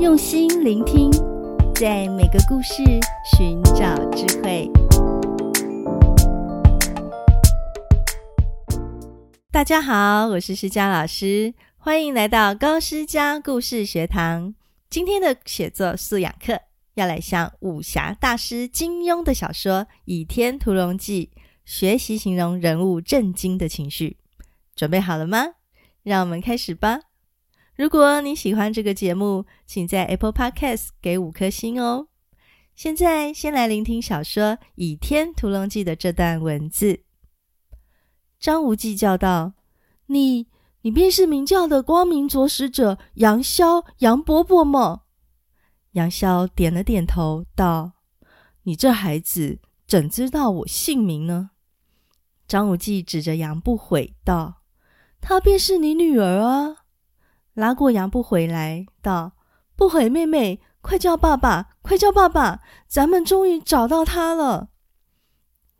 用心聆聽，在每個故事尋找智慧。大家好，我是詩佳老師，歡迎來到高詩佳故事學堂。今天的寫作素養課要來向武俠大師金庸的小說《倚天屠龍記》學習形容人物震驚的情緒，準備好了嗎？讓我們開始吧。如果你喜歡這個節目，請在 Apple Podcast 給五顆星哦。現在先來聆聽小說《倚天屠龍記》的這段文字。張無忌叫道：“你，你便是明教的光明左使者楊逍，楊伯伯嗎？”楊逍點了點頭，道：“你這孩子，怎知道我姓名呢？”張無忌指着楊不悔道：“她便是你女兒啊。”拉過楊不悔來道：“不悔妹妹，快叫爸爸！快叫爸爸！咱們終於找到他了。”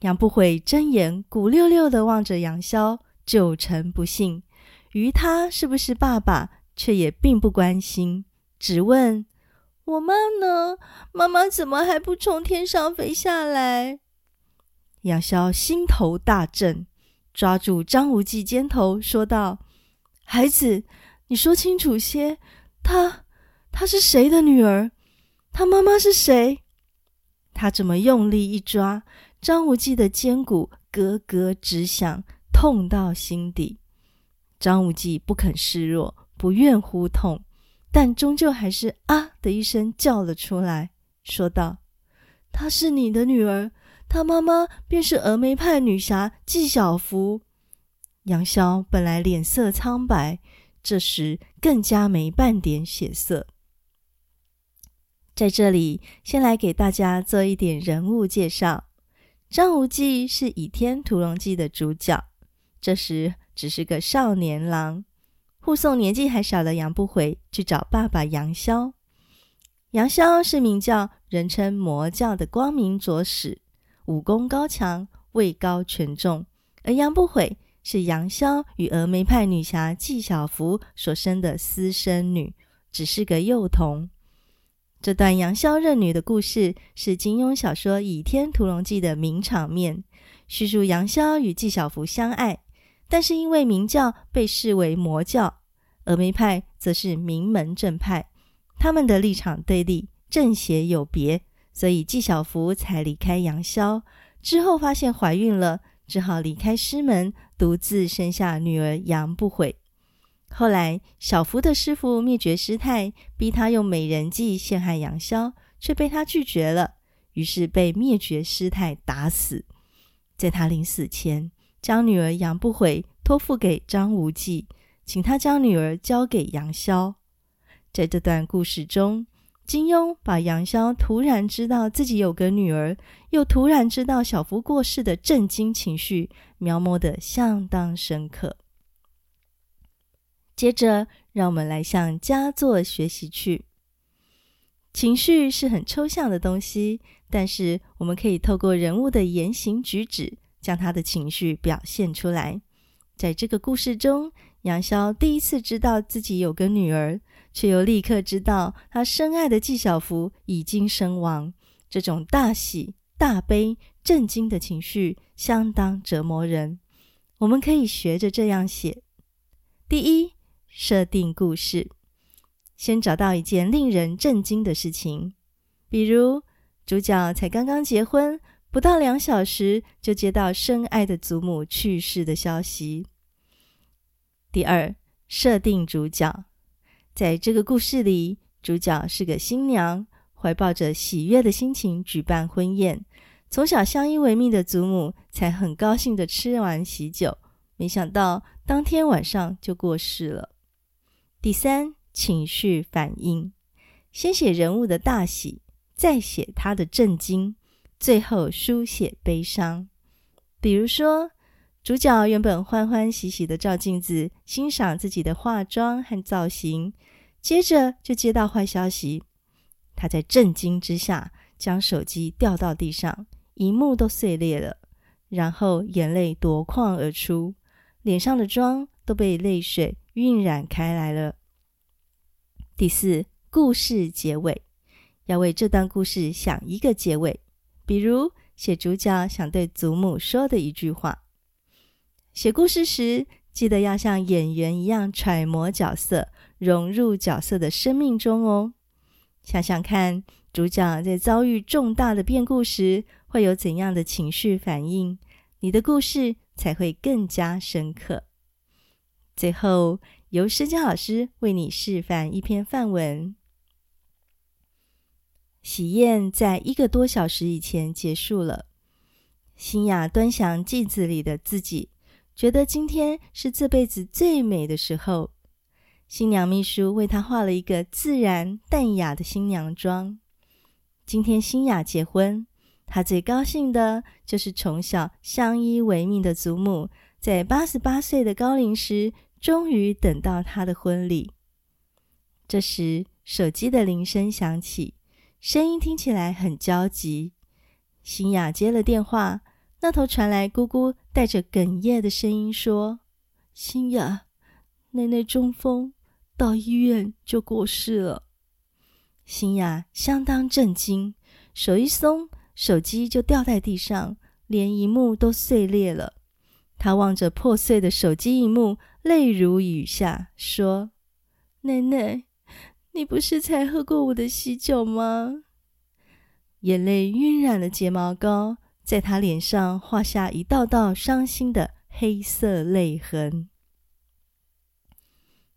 楊不悔睜眼，骨溜溜的望着楊逍，九成不信，於他是不是爸爸，卻也並不關心，只問：“我媽呢？媽媽怎麼還不從天上飛下來？”楊逍心頭大震，抓住張無忌肩頭說道：“孩子。”你說清楚些，她她是誰的女兒？她媽媽是誰？他這麼用力一抓，張無忌的肩骨咯咯直響，痛到心底。張無忌不肯示弱，不願呼痛，但終究還是啊的一聲叫了出來，說道：“她是你的女兒，她媽媽便是峨眉派女俠紀曉芙。”楊逍本來臉色蒼白。這時更加沒半點血色。在這裡，先來給大家做一點人物介紹。張無忌是《倚天屠龍記》的主角，這時只是個少年郎，護送年紀還小的楊不悔去找爸爸楊逍。楊逍是明教人稱魔教的光明左使，武功高強，位高權重。而楊不悔。是楊逍與峨眉派女俠紀曉芙所生的私生女，只是個幼童。這段楊逍認女的故事是金庸小說《倚天屠龍記》的名場面，敘述楊逍與紀曉芙相愛，但是因為明教被視為魔教，峨眉派則是名門正派，他們的立場對立，正邪有別，所以紀曉芙才離開楊逍，之後發現懷孕了。只好離開師門，獨自生下女兒楊不悔。後來，曉芙的師父滅絕師太逼他用美人計陷害楊逍，卻被他拒絕了，於是被滅絕師太打死。在他臨死前，將女兒楊不悔托付給張無忌，請他將女兒交給楊逍。在這段故事中，金庸把楊逍突然知道自己有個女兒，又突然知道曉芙過世的震驚情緒，描摹得相當深刻。接着，讓我們來向佳作學習去。情緒是很抽象的東西，但是我們可以透過人物的言行舉止，將他的情緒表現出來。在這個故事中，楊逍第一次知道自己有個女兒，卻又立刻知道她深愛的紀曉芙已經身亡。這種大喜大悲、震驚的情緒相當折磨人。我們可以學着這樣寫：第一，設定故事，先找到一件令人震驚的事情，比如主角才剛剛結婚，不到兩小時就接到深愛的祖母去世的消息。第二，設定主角。在這個故事裡，主角是個新娘，懷抱着喜悅的心情舉辦婚宴。從小相依為命的祖母，才很高興地吃完喜酒，沒想到當天晚上就過世了。第三，情緒反應。先寫人物的大喜，再寫他的震驚，最後書寫悲傷。比如說。主角原本歡歡喜喜的照鏡子，欣賞自己的化妝和造型，接着就接到壞消息。他在震驚之下，將手機掉到地上，螢幕都碎裂了。然後眼淚奪眶而出，臉上的妝都被淚水暈染開來了。第四，故事結尾，要為這段故事想一個結尾，比如寫主角想對祖母說的一句話。寫故事時，記得要像演員一樣揣摩角色，融入角色的生命中哦。想想看，主角在遭遇重大的變故時，會有怎樣的情緒反應，你的故事才會更加深刻。最後，由詩佳老師為你示範一篇範文。喜宴在一個多小時以前結束了，欣雅端詳鏡子裡的自己。覺得今天是這輩子最美的時候。新娘秘書為她化了一個自然淡雅的新娘妝。今天新雅結婚，她最高興的就是從小相依為命的祖母，在八十八歲的高齡時，終於等到她的婚禮。這時，手機的鈴聲響起，聲音聽起來很焦急。新雅接了電話。那頭傳來姑姑帶着哽咽的聲音說：“欣雅，奶奶中風，到醫院就過世了。”欣雅相當震驚，手一鬆，手機就掉在地上，連螢幕都碎裂了。她望着破碎的手機螢幕，淚如雨下，說：“奶奶，你不是才喝過我的喜酒嗎？”眼淚暈染了睫毛膏。在他臉上畫下一道道傷心的黑色淚痕。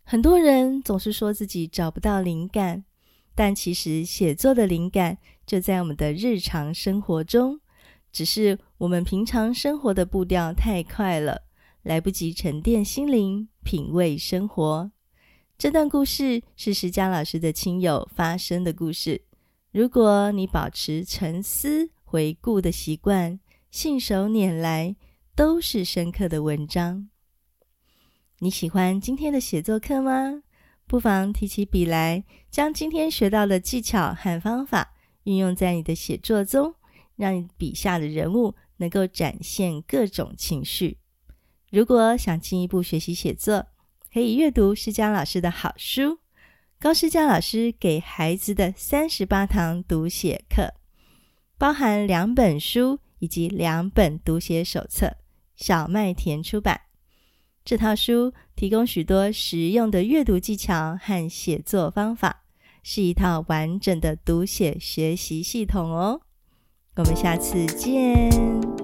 很多人總是說自己找不到靈感，但其實寫作的靈感就在我們的日常生活中，只是我們平常生活的步調太快了，來不及沉澱心靈、品味生活。這段故事是詩佳老師的親友發生的故事。如果你保持沉思。回顧的習慣，信手拈來都是深刻的文章。你喜歡今天的寫作課嗎？不妨提起筆來，將今天學到的技巧和方法運用在你的寫作中，讓你筆下的人物能夠展現各種情緒。如果想進一步學習寫作，可以閱讀詩佳老師的好書《高詩佳老師給孩子的三十八堂讀寫課》。包含兩本書以及兩本讀寫手冊，小麥田出版。這套書提供許多實用的閱讀技巧和寫作方法，是一套完整的讀寫學習系統哦。我們下次見。